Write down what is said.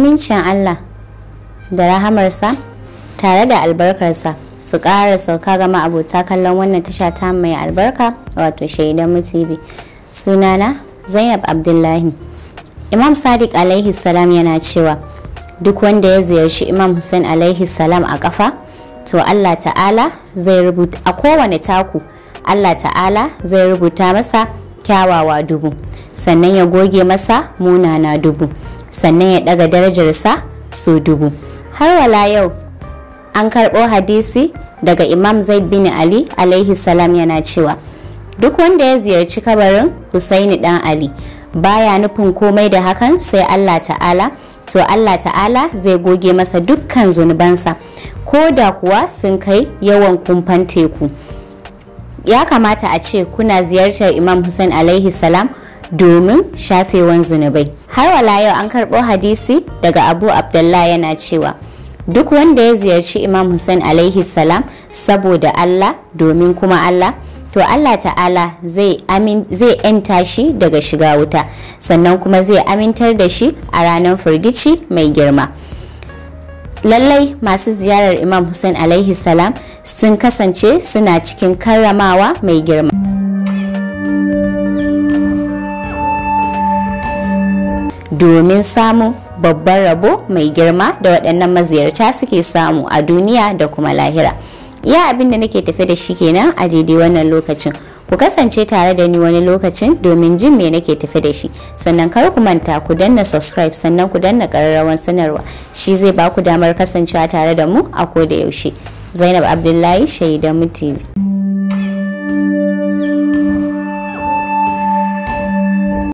amincin Allah da rahamarsa tare da albarkarsa su ƙara sauka ga ma'abota kallon wannan tasha ta mai albarka wato shaidan mutibi sunana zainab abdullahi imam sadiq alaihi salam yana cewa duk wanda ya ziyarci imam hussein alaihi salam a kafa to allah ta'ala zai rubuta a kowane taku allah ta'ala zai rubuta masa kyawawa dubu sannan ya goge masa munana dubu sannan ya daga darajarsa so dubu har wala yau an karɓo hadisi daga imam zaid bin ali alaihi salam yana cewa duk wanda ya ziyarci kabarin husaini dan ali baya nufin komai da hakan sai allah ta'ala to allah ta'ala zai goge masa dukkan zunubansa ko da kuwa sun kai yawan kumfan teku ya kamata a ce kuna ziyartar imam hussein alaihi salam domin shafewan zunubai har wala yau an karɓo hadisi daga abu abdullah yana cewa duk wanda ya ziyarci imam hussein alaihi salam saboda allah domin kuma allah to Allah ta'ala zai yanta shi daga shiga wuta sannan kuma zai amintar da shi a ranar firgici mai girma lallai masu ziyarar imam hussein alaihi salam sun kasance suna cikin karramawa mai girma domin samu babban rabo mai girma da waɗannan maziyarta suke samu a duniya da kuma lahira iya abin da nake tafe da shi kenan a daidai wannan lokacin ku kasance tare da ni wani lokacin domin jin me nake tafe da shi sannan kar ku manta ku danna subscribe sannan ku danna ƙararrawan sanarwa shi zai ba ku damar kasancewa tare da mu a ko da yaushe zainab abdullahi shaidan mu tv